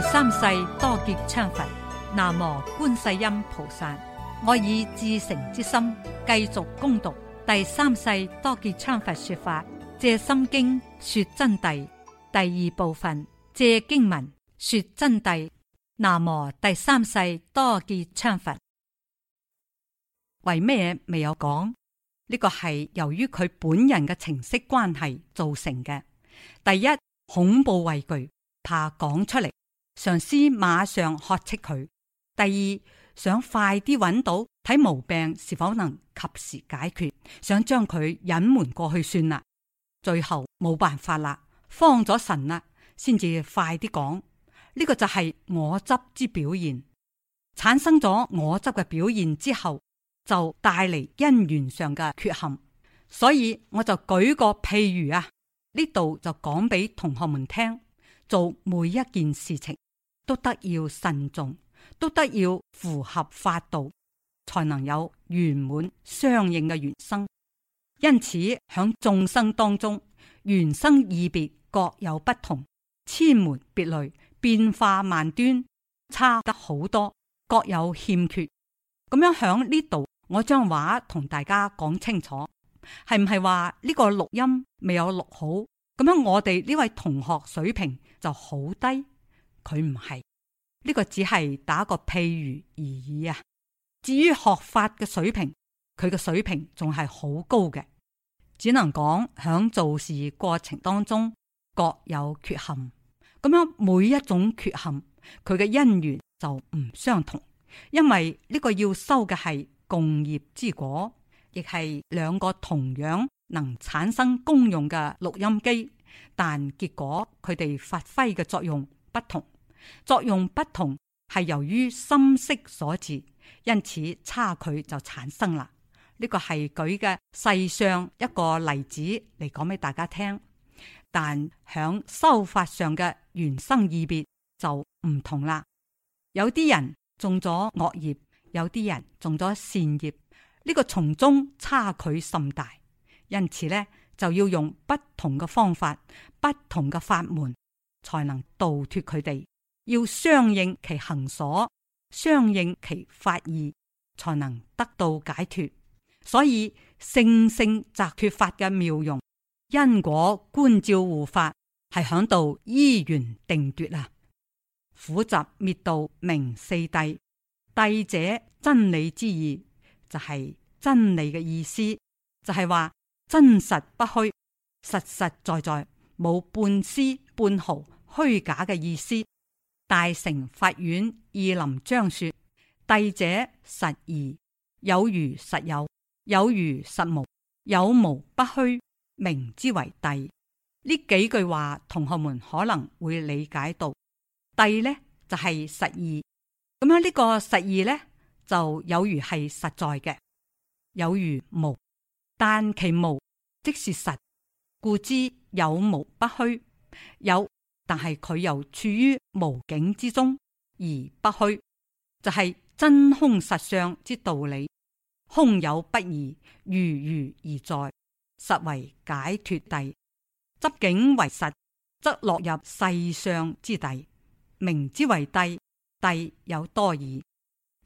第三世多杰羌佛，南無觀世音菩薩。我以至誠之心繼續恭讀第三世多杰羌佛說法，借心經說真諦第二部分，借經文說真諦。南無第三世多杰羌佛，為咩未有講？呢個係由於佢本人嘅情色關係造成嘅。第一，恐怖畏懼，怕講出嚟。上司馬上喝斥佢。第二，想快啲揾到睇毛病是否能及時解決，想將佢隱瞞過去算啦。最後冇辦法啦，慌咗神啦，先至快啲講。呢、這個就係我執之表現，產生咗我執嘅表現之後，就帶嚟因緣上嘅缺陷。所以我就舉個譬如啊，呢度就講俾同學們聽，做每一件事情。都得要慎重，都得要符合法度，才能有圓滿相應嘅緣生。因此響眾生當中，緣生異別各有不同，千門別類，變化萬端，差得好多，各有欠缺。咁樣響呢度，我將話同大家講清楚，係唔係話呢個錄音未有錄好？咁樣我哋呢位同學水平就好低。佢唔係呢個，只係打個譬如而已啊。至於學法嘅水平，佢嘅水平仲係好高嘅，只能講響做事過程當中各有缺陷。咁樣每一種缺陷，佢嘅因緣就唔相同，因為呢個要收嘅係共業之果，亦係兩個同樣能產生功用嘅錄音機，但結果佢哋發揮嘅作用不同。作用不同係由於心識所致，因此差距就產生啦。呢、這個係舉嘅世上一個例子嚟講俾大家聽。但響修法上嘅緣生異別就唔同啦。有啲人種咗惡業，有啲人種咗善業，呢、這個從中差距甚大，因此呢就要用不同嘅方法、不同嘅法門，才能度脫佢哋。要相應其行所，相應其法義，才能得到解脫。所以性性集脫法嘅妙用，因果觀照護法係響度依然定奪啊！苦集滅道明四諦，諦者真理之意，就係、是、真理嘅意思，就係、是、話真實不虛，實實在在，冇半絲半毫虛，虛假嘅意思。大乘法院二林章說：帝者實義，有如實有，有如實無，有無不虛，名之為帝。呢幾句話，同學們可能會理解到，帝呢，就係、是、實義，咁樣呢個實義呢，就有如係實在嘅，有如無，但其無即是實，故之有無不虛，有。但係佢又處於無境之中而不虛，就係、是、真空實相之道理，空有不二，如如而在，實為解脫諦。執境為實，則落入世相之諦，名之為諦。諦有多義，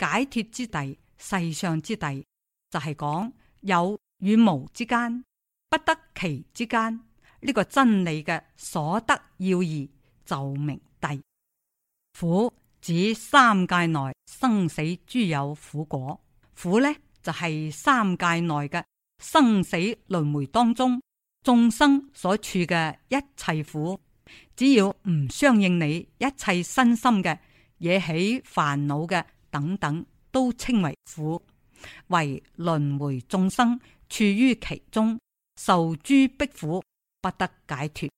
解脫之諦、世上之諦，就係、是、講有與無之間，不得其之間。呢個真理嘅所得要義就名諦。苦。苦指三界內生死諸有苦果。苦呢就係、是、三界內嘅生死輪迴當中眾生所處嘅一切苦，只要唔相應你一切身心嘅惹起煩惱嘅等等都稱為苦，為輪迴眾生處於其中受諸逼苦。不得解脫，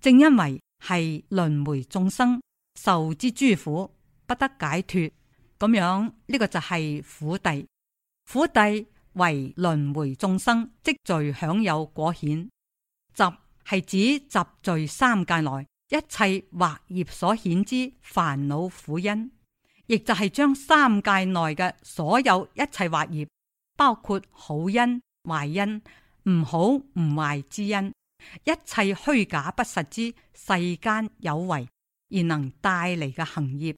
正因為係輪迴眾生受之諸苦不得解脫，咁樣呢個就係苦諦。苦諦為輪迴眾生積聚享有果顯，集係指集聚三界內一切惑業所顯之煩惱苦因，亦就係將三界內嘅所有一切惑業，包括好因、壞因、唔好唔壞之因。一切虛假不實之世間有為而能帶嚟嘅行業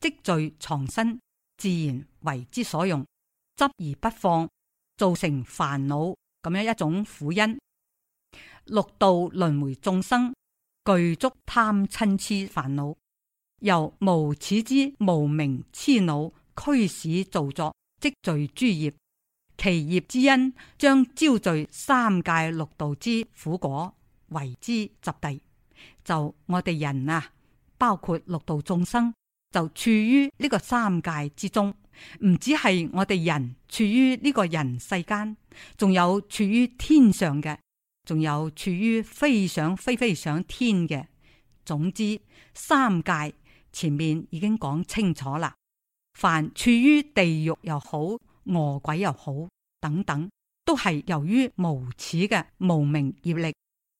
積聚藏身，自然為之所用，執而不放，造成煩惱咁樣一種苦因。六道輪迴眾生具足貪嗔癡煩惱，由無始之無明癡惱驅使造作，積聚諸業。其業之因，將招聚三界六道之苦果，謂之集諦。就我哋人啊，包括六道眾生，就處於呢個三界之中。唔止係我哋人處於呢個人世間，仲有處於天上嘅，仲有處於飛上飛飛上天嘅。總之，三界前面已經講清楚啦。凡處於地獄又好。餓鬼又好，等等，都係由於無恥嘅無明業力、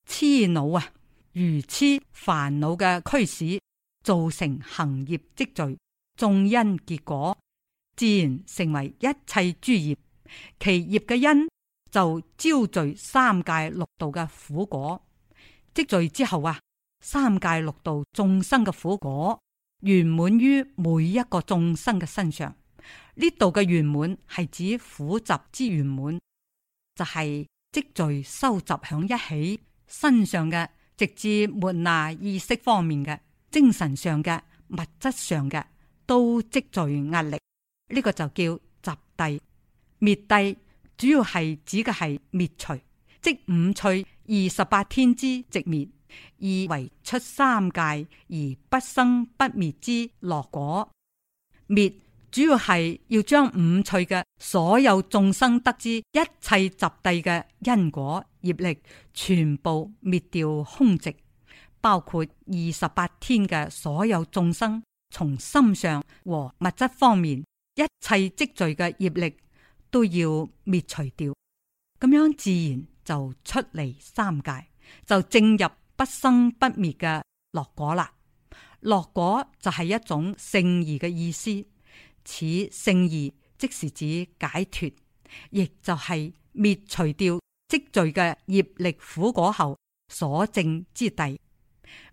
痴腦啊、如痴、煩惱嘅驅使，造成行業積聚，種因結果，自然成為一切諸業。其業嘅因就招聚三界六道嘅苦果，積聚之後啊，三界六道眾生嘅苦果圓滿於每一個眾生嘅身上。呢度嘅圓滿係指苦集之圓滿，就係積聚收集響一起身上嘅，直至末那意識方面嘅精神上嘅、物質上嘅都積聚壓力，呢、這個就叫集諦。滅諦主要係指嘅係滅除，即五趣二十八天之直滅，而為出三界而不生不滅之樂果。滅。主要係要將五趣嘅所有眾生得知一切集地嘅因果業力全部滅掉空寂，包括二十八天嘅所有眾生，從心上和物質方面一切積聚嘅業力都要滅除掉，咁樣自然就出離三界，就正入不生不滅嘅樂果啦。樂果就係一種聖義嘅意思。此聖義，即時指解脱，亦就係滅除掉積聚嘅業力苦果後所證之地。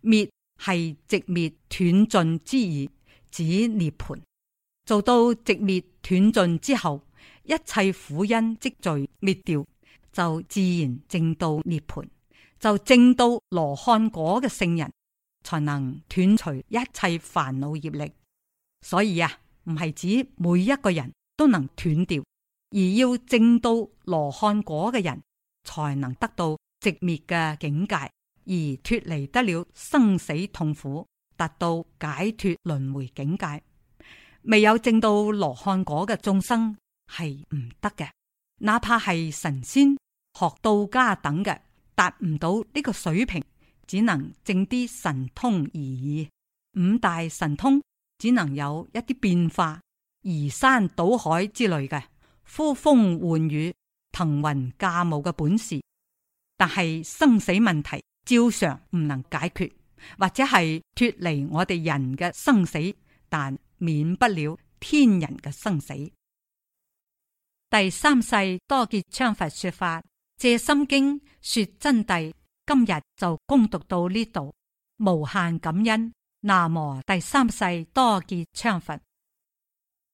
滅係直滅斷盡之意，指涅盤。做到直滅斷盡之後，一切苦因積聚滅掉，就自然正到涅盤，就正到羅漢果嘅聖人，才能斷除一切煩惱業力。所以呀、啊。唔係指每一個人都能斷掉，而要證到羅漢果嘅人，才能得到寂滅嘅境界，而脫離得了生死痛苦，達到解脫輪迴境界。未有證到羅漢果嘅眾生係唔得嘅，哪怕係神仙、學道家等嘅，達唔到呢個水平，只能證啲神通而已。五大神通，只能有一啲變化，移山倒海之類嘅，呼風喚雨、騰雲駕霧嘅本事。但係生死問題照常唔能解決，或者係脫離我哋人嘅生死，但免不了天人嘅生死。第三世多杰羌佛說法，藉心經說真諦。今日就恭讀到呢度，無限感恩。南無第三世多杰羌佛。